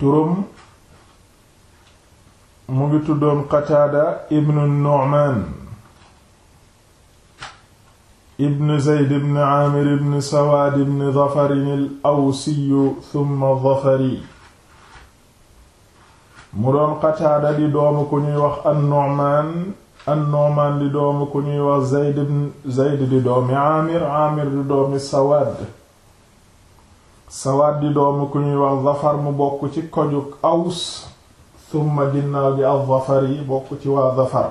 turum mu ngi tuddoon qataada ibnu nu'man ibn zeyd ibn aamir ibn sawaad ibn zafarin al awsiyu thumma zafari mu doon qataada di doomu ku ñuy wax an nu'man an nu'man di doomu ku ñuy wax zeyd ibn zeyd di doomi aamir aamir di doomi sawaad sawaat di doomu ku ñuy wax zafar mu bokk ci kojuk aws summa ginnaaw gi al zafar yi bokk ci waa zafar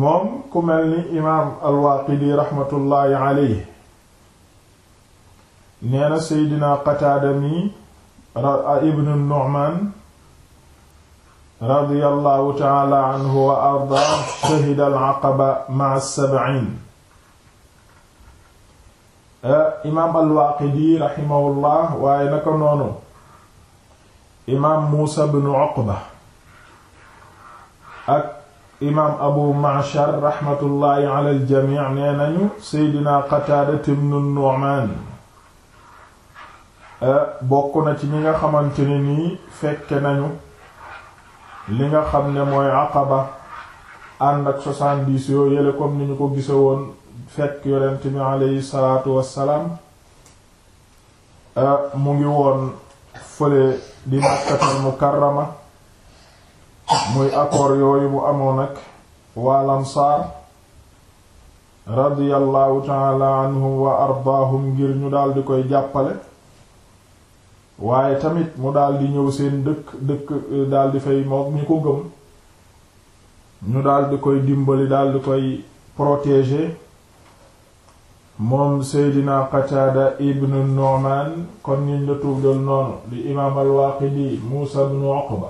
moom ku mel ni imaam alwaaqidi raxmatullaahi aleyhi nee na seydina qataada mi a ibnu nu'maan radiyallaahu taala anhu wa ardaa shahida al aqaba ma'a as-sab'iin Eh, imaam al-Waaqidi rahimahullah waaye naka noonu imaam Muusa ibn Uqba ak imaam Abu Ma'shar rahmatullahi ala jamii nee nañu Seydina Qataada ibn Nu'maan eh, bokk na ci ñi nga xamante ne nii fekke nañu li nga xam ne mooy Aqaba ànd ak soixante-dix yoo yële ni ñu ko gise woon fekk yonent bi aleyhi salaatu wassalaam eh, mu ngi woon fële di Makkatul Mukarrama muy accord yooyu mu amoon ak waa Lansaar radiyallahu taala anhum wa ardaahum ngir ñu daal di koy jàppale waaye tamit mu daal di ñëw seen dëkk dëkk eh, daal di fay moom ñi ko gëm ñu daal di koy dimbali daal di koy protéger moom seydina qataada ibnu nu'man kon niñ la tuddal noonu di imaam al-Waaqidi muusa ibnu Uqba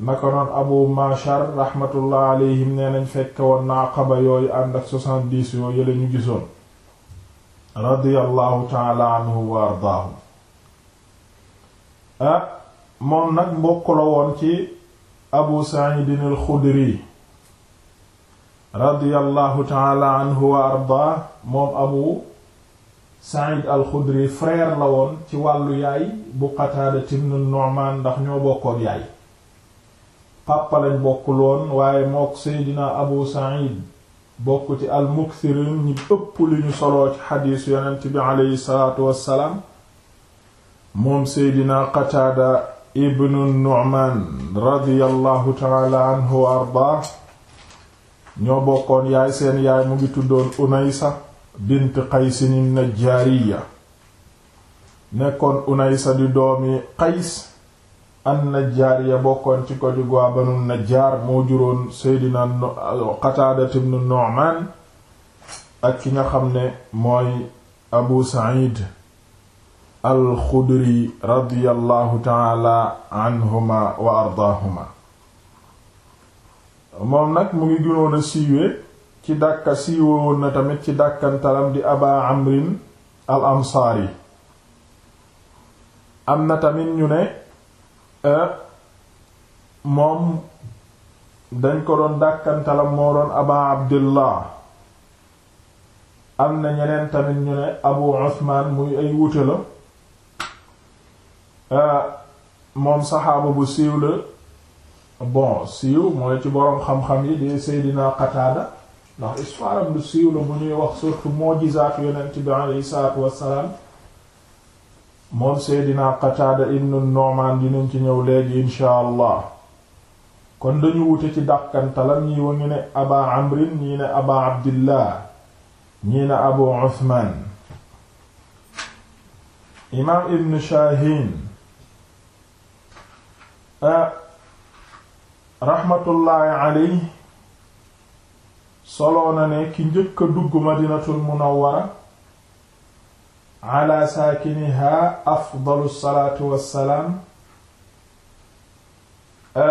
naka noon abu mashar rahmatullah alayhim nee nañ fekk woon na Aqaba yooyu ànd ak 70 yooyu yële ñu gisoon radiyallahu taala anhu wa ardaahu ah, moom nag mbokk woon ci abu sa'idin al-Xudri radiyallahu taala moom abu Saïd al-Khudri la woon ci wàllu yaay bu Qataada ibn Nu'man ndax ñoo bokkoon yaay pàppa bokkul woon waaye mook Seydina Abu Saïd bokk ci al-Mukthirin ñi ëpp li ñu soloo ci xadiis yonent bi aleyhi salaatu wassalaam moom Seydina Qataada ibn Nu'man radiyallahu taala anhu wa arda ñoo bokkoon yaay seen yaay mu ngi tuddoon unaysa bint qaysin najjaariya nekkoon unaysa di doomi qays an najjaariya bokkoon ci ko di waa banu najjaar moo juróon seydina qataada ibnu nu'maan ak ki nga xam ne mooy abu sa'id al xudri radiyallahu taala wa ardaahuma moom nag mu ngi gënoon a siiwee ci dàkka siiwee woon na tamit ci dàkkantalam di aba amrin al ansaari am na tamit ñu ne euh, moom dañ ko doon dàkkantalam moo doon aba abdillah am na ñeneen tamit ñu ne abu usman muy ay wute la euh, moom saxaaba bu siiw la bon siiw mooy ci boroom xam-xam yi di Seydina Qataada ndax histoire lu siiw la bu ñuy wax surtout mujizaat yonent bi alayhi salaatu wassalaam moom Seydina Qataada ibnu Nu'maan dinañ ci ñëw léegi insha allah kon dañu wute ci dàqantalam ñi wa ngi ne aba amrin ñii ne aba abdillah ñii ne abu usman imaam ibn Shaahin ah raxmatullaahi aley soloo na ne ki njëkk a dugg madinatul munawwara ala saakiniha afdalu salaatu wassalaam e,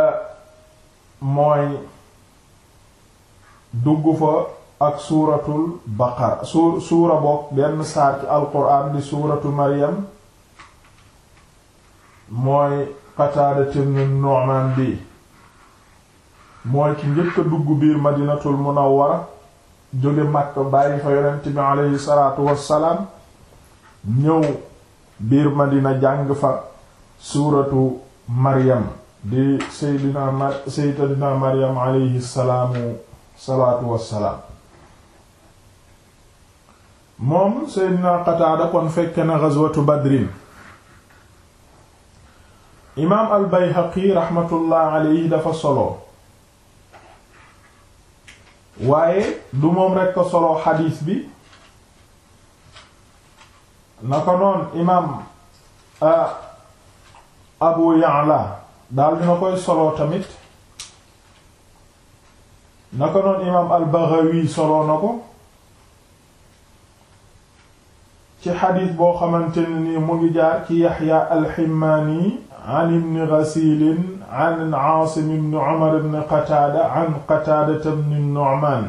mooy dugg fa ak suuratul baqara su suura bokk benn saar ci alquraan di suuratu maryam mooy qataadatu ibn nu'maan bi mooy ci njëkk dugg biir madinatul munawwara jóge Makka bàyyi fa yonent bi aleyhi salaatu wassalaam ñëw biir madina jàng fa suuratu maryam di saydina maryam aleyhi salaamu salaatu wassalaam moom saydina Qataada kon fekke na ghazwatu badrin imaam al Bayhaqi raxmatullahi aleyhi dafa solo waaye du moom rekk ko solo xadiis bi na ko noon imaam Abu Ya'la daal dina koy solo tamit na ko noon imaam al-Baghawi solo na ko ci xadiis boo xamante ni nii mu ngi jaar ci Yaxya al an ibni ghasilin an aasim ibni umar ibni qataada an qataadata ibni nu'maan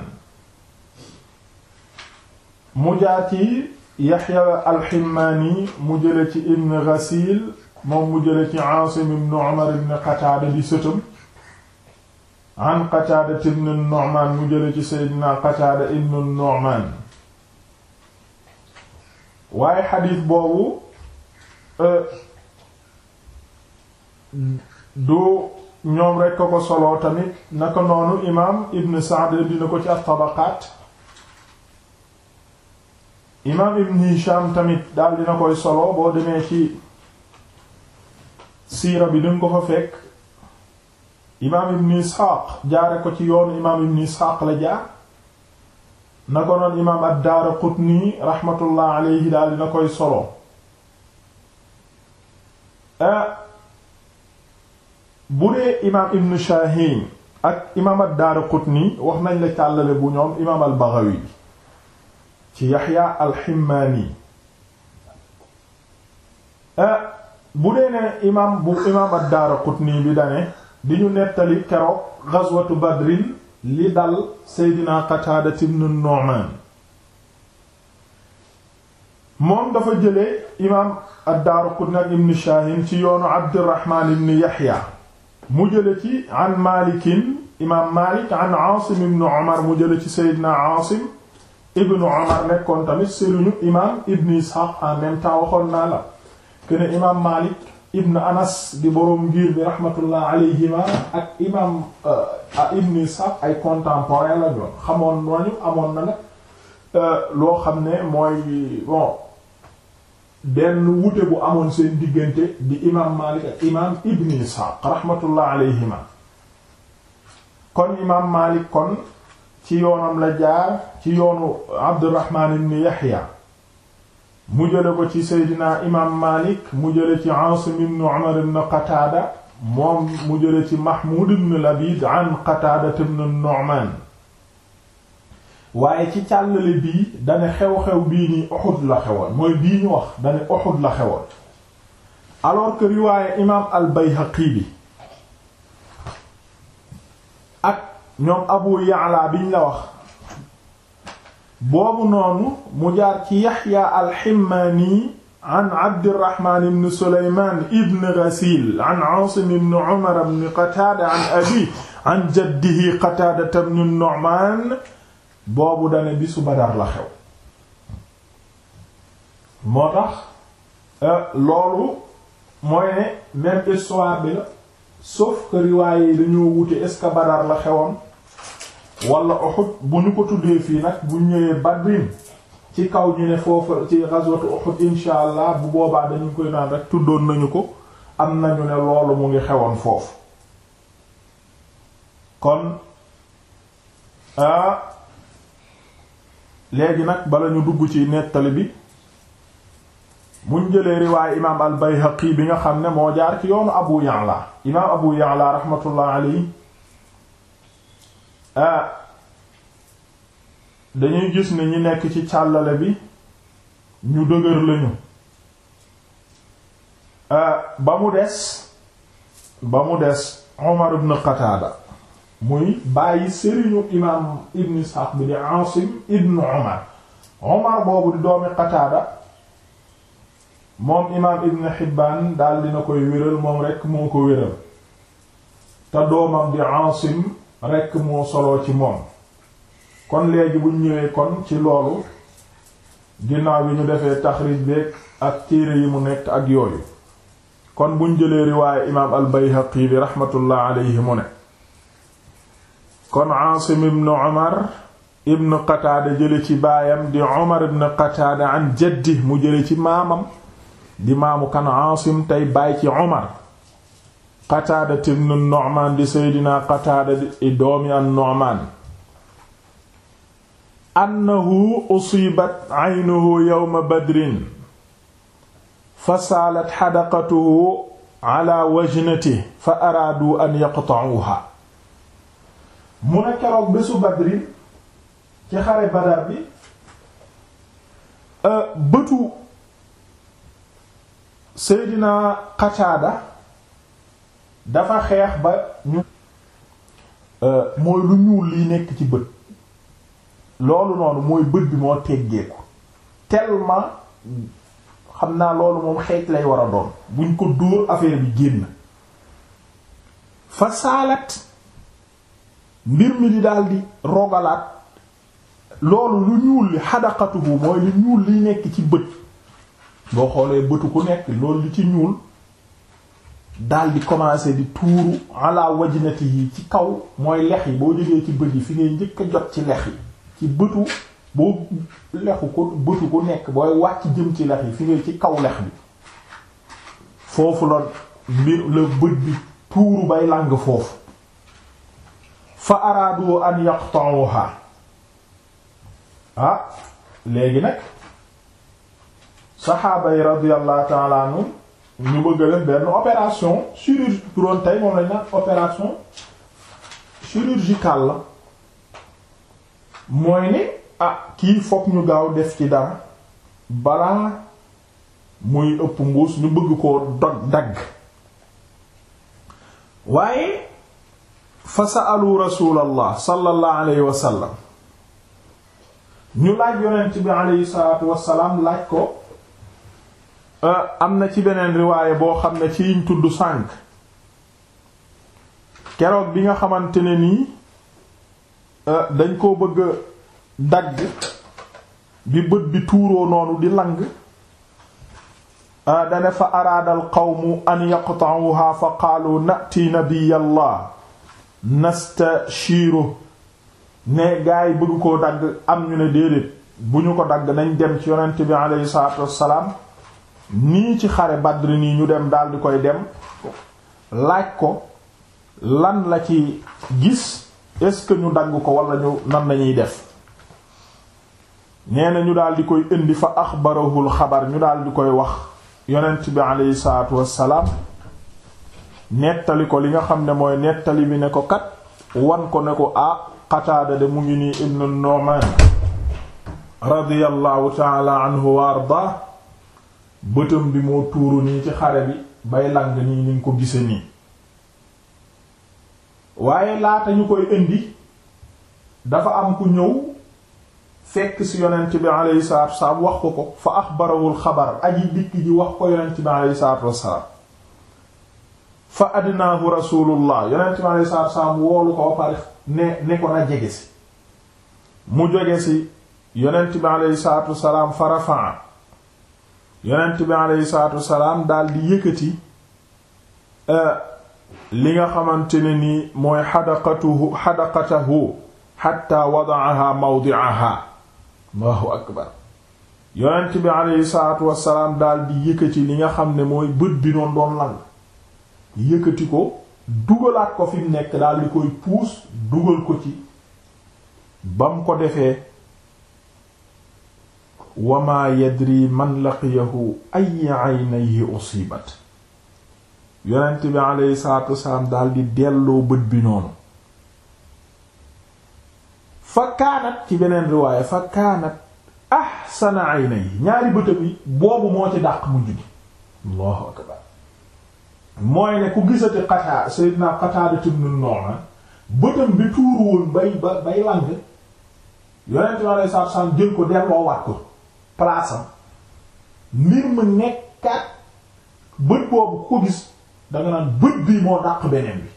mu jaar ci yaxya alximaani mu jële ci ibni ghasil moom mu jële ci aasim ibni umar ibni qataada di sëtam an qataada ibni nu'maan mu jële ci seydina qataada ibni nu'maan waaye xadiis boobu euh, du ñoom rekk ko soloo tamit naka noonu imaam ibn Sa'd dina ko ci at-Tabaqaat imaam ibn Hisham tamit daal dina koy solo boo demee ci siira bi duñ ko fa fekk imaam ibn Ishaq jaare ko ci yoonu imaam ibn Ishaq la jaar naka noonu imaam ad-Daaraqutni rahmatullah alayhi daal dina koy solo eh, bu dee imaam Ibn Shahin ak imaam ad-Daaraqutni wax nañ la càllale bu ñoom imaam al ci Yaxya al-Himmaani eh, bu dee ne imaam bu imaam ad-Daaraqutni bi dane di ñu nettali keroog ghazwatu Badrin li dal Seydina Qataada ibn Nu'maan moom dafa jëlee imaam ad-Daaraqutni ak Ibn Shahin ci yoonu Abdurrahmaan ibn Yaxya mu jële ci an malikin imaam malik an aasim ibnu omar mu jële ci seydina aasim ibnu omar nekkoon tamit sëriñu imaam ibnu ishaq en waxoon naa la kene imaam malik ibnu anas di boroom ngir bi rahmatullah ak imaam euh, ibnu ishaq ay contemporain la ñoon xamoon nañu amoon na nag euh, loo xam ne mooy bon benn wute bu amoon seen diggante di imaam Maalik ak imaam Ibn Isxaaq rahmatullah alayhima kon imaam Maalik kon ci yoonam la jaar ci yoonu Abdurrahmaan ibn Yaxya mu jële ko ci Seydina imaam Maalik mu jële ci Aasim ibn Umar ibn Qataada moom mu jële ci Mahmuud ibn Labiid an Qataada ibn Nu'maan waaye ci càllale bii dane xew-xew bii nii la xewoon mooy bii ñu wax dane Uhud la xewoon alors que riwaaye imaam al-Bayhaqi bi ak noon Abu Ya'la biñ la wax boobu noonu mu jaar ci Yaxya al-Himmaani an Abdirrahmaan ibn Sulaymaan ibn Ghasiil an Aasim ibn Umar ibn Qataada an abiihi an jaddihi Qataada ibn Nu'maan boobu dane bisu Badar la xew moo tax euh, loolu mooy ne même histoire bi la sauf que riwaaye yi dañoo wute est-ce que la xewoon walla Uhud bu ñu ko tuddee fii nag bu ñu ñëwee Badrin ci kaw ñu ne foofu ci ghazwatu Uhud insha allah bu boobaa dañu koy naan rek tuddoon nañu ko am nañu ne loolu mu ngi xewoon foofu kon euh, léegi nag bala ñu dugg ci nettali bi muñ jëlee riwaay imaam al bayhaqi bi nga xam ne moo jaar ci yoonu abu ya'la imaam abu ya'la rahmatullah alayhi ah, dañuy gis ni ñu nekk ci càllale bi ñu dëgër lañu ah, ba mu des ba mu des Umar ibn Qataada muy bàyyi sëriñu imaam ibn Isxaaq bi di Aasim ibn Umar Umar boobu di doomi Qataada moom imaam ibn Hibbaan daal dina koy wéral moom rekk moo ko wéral te doomam di Aasim rekk moo solo ci moom kon léegi buñ ñëwee kon ci loolu ginnaaw bi ñu defee taxrij beek ak téere yi mu nekk ak yooyu kon buñ jëlee riwaaye imaam al Bayhaqi bi rahmatullah alayhi mu ne kon Aasim ibn Umar ibn Qataada jële ci baayam di Umar ibn Qataada an jaddi mu jële ci maamam di maamu kan Aasim tey baay ci Umar Qataada ibn Nu'maan di Seydina Qataada di doomi an Nu'maan annahu usibat aynuhu yawma badrin fa saalat xadaqatuhu ala wajnatihi fa araadu an yaqta'uha mu ne keroog bésu badri ci xare badar bi euh, bëtu Seydina Qataada dafa xeex ba ñu euh, mooy lu ñuul liy nekk ci bët loolu noonu mooy bët bi moo teggeeku tellement xam naa loolu moom xeej lay war a doon buñ ko dóor affaire bi génn fa saalat mbir mi di daldi rogalaat loolu lu ñuul li xadaqatuhu mooy lu ñuul li nekk ci bët boo xoolee bëtu ku nekk loolu li ci ñuul daldi commencer bi tuuru ala wajinati yi ci kaw mooy lex yi boo jógee ci bët yi fi ngay njëkk a jot ci lex yi ci bëtu boo lexu ko bëtu ku nekk booy ci jëm ci lex yi fi ngay ci kaw lex bi foofu la mbir la bët bi tuuru bay làng foofu fa araadu an yaqta'uha ah léegi nag saxaaba yi radiyallahu ta'ala ñu bëgg a def benn opération chirurgie buroon tey moom lañ naan opération chirurgicale la mooy ni ah kii fokk ñu gaaw def ci dara balaa muy ëpp mbuus ñu bëgg koo dog dagg waaye fa sa'alu rasulallah sallallahu alayhi ñu laaj yonent bi alayhi salaatu wasalaam laaj ko euh, am na ci beneen riwaaye boo xam ne ci yiñ tudd sànk keroog bi nga xamante ne nii euh, dañ koo bëgg a dagg bi bët bi tuuroo noonu di lang euh, dane fa araadal qawmu an yaqta'uha fa qaalu na'ti nabiyallah nastashiru ne gaa yi bëgg koo dagg am ñu ne déedéet bu ñu ko dagg nañ dem ci yonent bi aleyhi salaatu wassalaam nii ci xare Badr nii ñu dem daal di koy dem laaj ko lan la ci gis est-ce que ñu dagg ko wala ñu nan lañuy def nee na ñu daal di koy indi fa axbarahul xabar ñu daal di koy wax yonent bi aleyhi salaatu wassalaam nettali ko li nga xam ne mooy nettali bi ne ko kat wan ko ne ko ah Qataada de mu ngi nii ibnu Nu'maan radiyallahu taala anhu wa ardaa bëtam bi moo tuuru nii ci xare bi bay lang nii ni ko gise nii waaye laata ñu koy indi dafa am ku ñëw fekk ci yonent bi alayhi salaatu wasalaam wax ko ko fa axbarawul xabar aji dikk ji wax ko yonent bi alayhi salaatu wasalaam fa adnaahu rasulullah yonent mi alei saatu salaam woolu ko pare ne ne ko na jege si mu jege si yonent bi aleyhi salatu wasalaam fa rafaa yonent bi aleyhi salatu wasalaam daal di yëkkati e, li nga xamante ne nii mooy xadaqatuhu xadaqatahu xatta wadaaha mawdiaha allahu akbar yonent bi aleyhi salatu wasalaam daal di yëkkati li nga xam ne mooy bët bi noonu doon lan yëkkati ko dugalaat ko fi mu nekk daal koy puus dugal ko ci bam ko defee wama yadri man laqiyahu ay aynayhi usibat yonent bi aleyhi salatu wasalaam daal di delloo bët bi noonu fa kaanat ci beneen riwaaya fa kaanat ahsana aynayhi ñaari bëtam yi boobu moo ci dàq mujj gi allahu akbar mooy ne ku gisati Qatada Seydina Qatada ibn Nu'man bëtam bi tuuru woon bay ba bay lang yonent bi alei satu salaam jël ko delloo waat ko place am mbir mu nekkaat bët boobu ko gis danga naan bët bii moo dàq beneen bi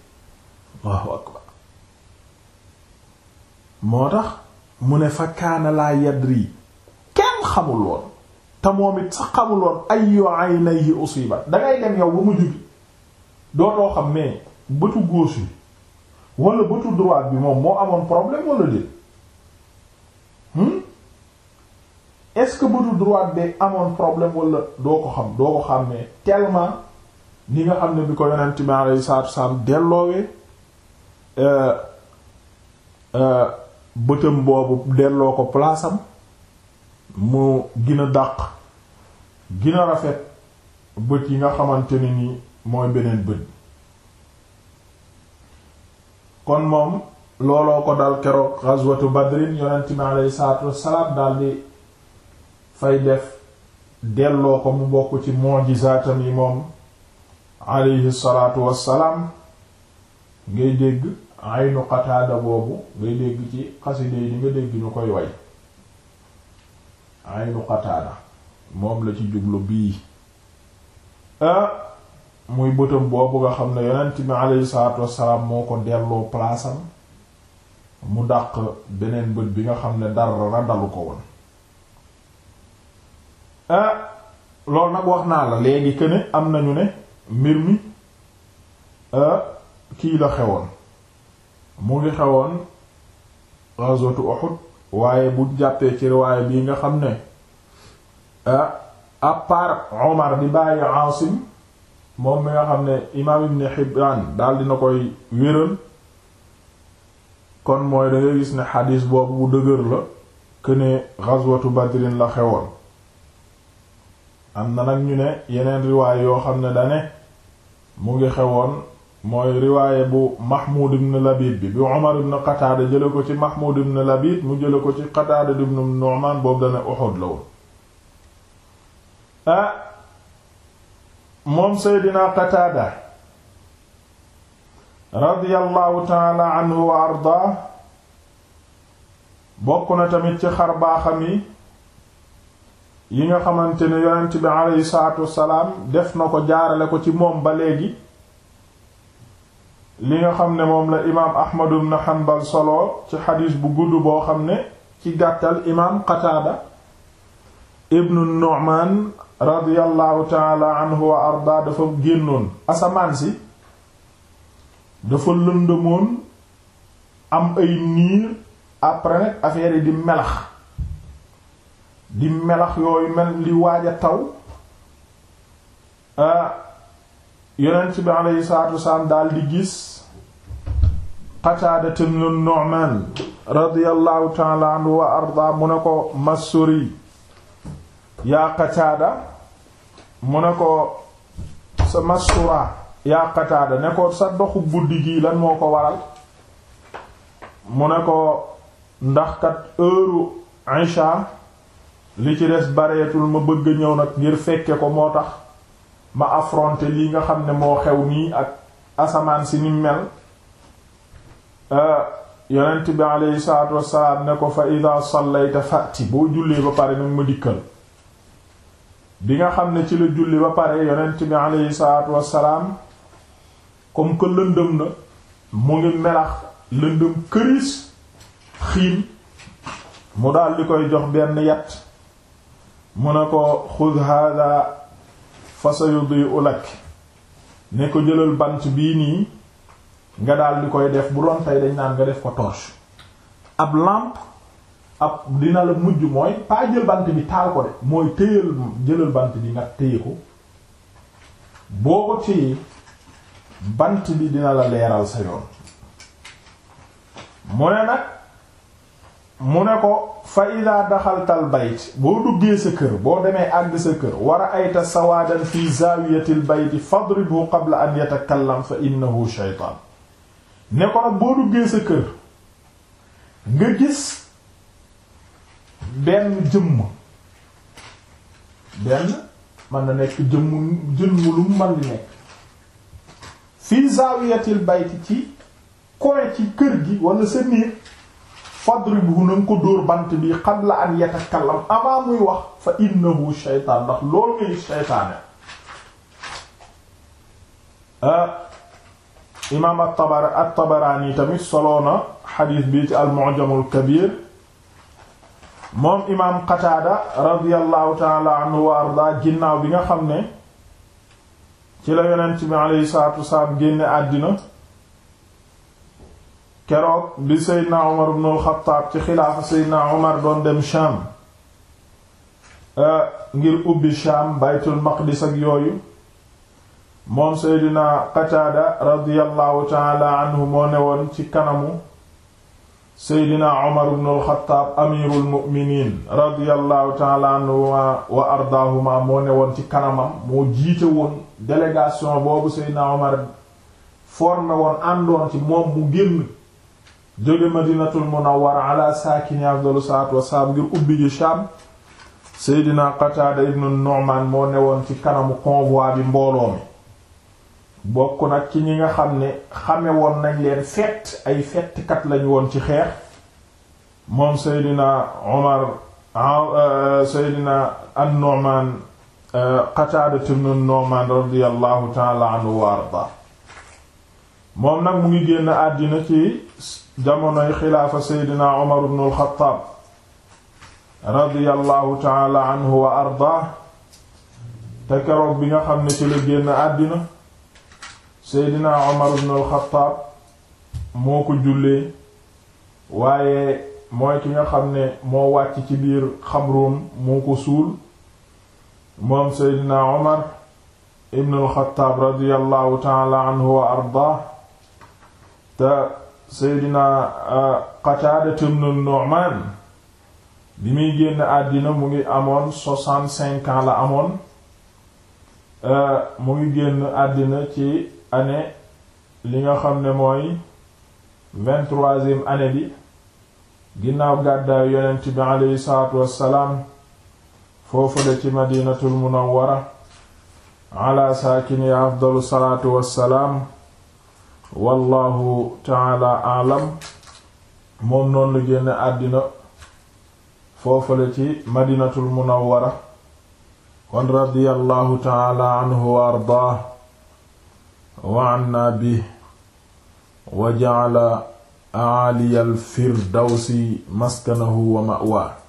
moo tax mu ne fa kaana laa yadri kenn xamul woon te moom it sax xamul woon ayyu aynayhi dangay dem yow ba mu jubi dootoo xam mais bëtu gauche bi wala bëtu droite bi moom moo amoon problème wala déet hmm est-ce que bëtu droite bi amoon problème wala doo ko xam doo ko xam ne tellement ni nga xam ne bi ko yonent bi alayhi salaatu salaam delloowee euh, euh, bëtam boobu delloo ko palaasam mu gën a dàq gën rafet bët yi nga xamante ne nii mooy beneen bët kon moom looloo ko dal keroog ghazwatu badrin yonent mi aleyhi salaatu wassalaam daldi fay def delloo ko mu bokk ci mu'jizaatam yi moom aleyhi salaatu wassalaam ngay dégg aynu qataada boobu ngay dégg ci xasida yi nga dégg ñu koy way aynu qataada moom la ci jublu bii euh, muy bëtam boobu nga xam ne yonent bi alayhi salaatu wassalaam moo ko delloo palaasam mu dàq beneen bët bi nga xam ne dara dalu ko woon ah nag wax naa la léegi que am nañu ne mbir mi ah, kii la xewoon mu ngi xewoon ghazwatu Uhud waaye bu jàppee ci riwaaya bii nga xam ne ah, à part Omar di bàyyi Asim moom mi nga xam ne imaam ibn Hibbaan daal dina koy wéral kon mooy da ngay gis ne xadiis boobu bu dëgër la que ne ghazwatu badrin la xewoon am na nag ñu ne yeneen riwaay yoo xam ne dane mu ngi xewoon mooy riwaaye bu Mahmoud ibn Labid bi bi Umar ibn Qataada jële ko ci Mahmoud ibn Labid mu jële ko ci Qataada ibn Nu'maan boobu dane Uhud la woon ah, moom seydina qataada radiyallahu taala anhu wa ardaa bokk na tamit ci xar baaxam yi nga xamante ni yonent bi aleyhi salaatu wasalaam def na ko jaarale ko ci moom ba léegi li nga xam ne moom la imaam ahmad ibn hanbal solo ci xadiis bu gudd boo xam ne ci gàttal imaam qataada ibnu nu'man radiyallahu taala anhu wa dafa génnoon asamaan si dafa lëndëmoon am ay niir après nag affaire di melax di melax yooyu mel li waaj taw ah yonent bi aleyhi salaatu wasalaam daal di gis Qataada ibn Nu'man radiyallahu taala anhu wa arda mu ne ko Masuri yaa mu ne ko sa masura yaa Qataada ne ko sa doxu guddi gi lan moo ko waral mu ne ko ndax kat heure isha li ci des bareetul ma bëgg ñëw nag ngir fekke ko moo tax ma affronter lii nga xam ne moo xew nii ak asamaan si ni mel euh, yonent bi aleyhi salaatu wassalaam ne ko fa ida sallayta fati boo jullee ba pare nag ma dikkal bi nga xam ne ci la julli ba pare yonent bi aleyhi salaatu wassalaam comme que lëndëm na mu ngi melax lëndëm këriis xiim mu dal di koy jox benn yat mu ne ko xud hada fa sayudiu lak ne ko jëlal bant bii nii nga daal di koy def bu doon tey dañ naan nga def ko torche ab lampe ab dina la mujj mooy pas bant bi taal ko de mooy téyal jëlal bant bi nga téye ko boo ko téye bant bi dina la leeral sa yoon mu ne nag mu ne ko fa ida daxaltal bayt boo duggee sa kër boo demee àgg sa kër war a ayta sawaadan fi zaawiyatil bayti fadribhu qabla an yatakallam fa innahu shaytaan ne ko nag boo duggee sa kër nga gis benn jëmm benn mën na nekk jëmm jëmm lu mu mën di nekk fii zaawiyatil bayti ci koy ci kër gi wala sa néeg fadribuhu na nga ko dóor bant bi qabla an yatakallam avant muy wax fa innahu shaytaan ndax loolu ngay shaytaane ah, imaam at-Tabaraani tamit soloona xadiis bi ci al-Mu'jam al-Kabiir moom imaam Qataada radiyallahu taala anhu bi nga xam ne ci la yonent bi aleyhi salaatu wasalaam génne àddina keroog bi Seydina Umar ibn al ci xilaafa Seydina Umar doon dem Shaam euh, ngir ubbi Shaam baytul maqdis ak yooyu moom Seydina Qataada radiyallahu taala moo ne ci kanamu seydina omar bnu alxataab amirul mu'miniin radiallahu taala anhuma wa ardaahuma moo ne woon ci kanamam moo jiite woon boobu seydina omar formé woon àndoon ci moom mu génn jóge madinatul munawwara ala saakini afdalu salaatu wasalaam ngir ubbi ji seydina qataada ibnu nu'maan moo ne ci kanamu convoi bi bokk nag ci ñi nga xam ne xame woon nañ leen fett ay fettkat lañ woon ci xeex moom seydina Omar ah, euh, seydina an-Nu'man euh, Qataada ibn an-Nu'man radiyallahu wa arda moom nag mu ngi génn àddina ci jamonoy xilaafa seydina Omar ibn al-Khattab radiyallahu wa arda te keroog bi nga xam ne ci la génn àddina seydina Umar ibn al moo ko jullee waaye mooy ki nga xam ne moo wàcc ci biir xabroom moo ko suul moom seydina Umar ibn al-Khattab radiyallahu anhu wa ardaah te seydina uh, Qataada ibn Nu'man bi muy génn àddina mu ngi amoon la amoon uh, mu ngi génn àddina ci année li nga xam ne mooy vingt-troisième année bi ginnaaw gàddaayu yonent bi aleyhi salaatu wassalaam foofule ci madinatul munawwara ala saakini afdalu salaatu wassalaam wallahu taala alam moom noonu la àddina foofale ci madinatul munawwara kon radiyallahu taala anhu wa ardaa wa anna bi wa ja'ala a'ali al-firdawsi maskanahu wa ma'waa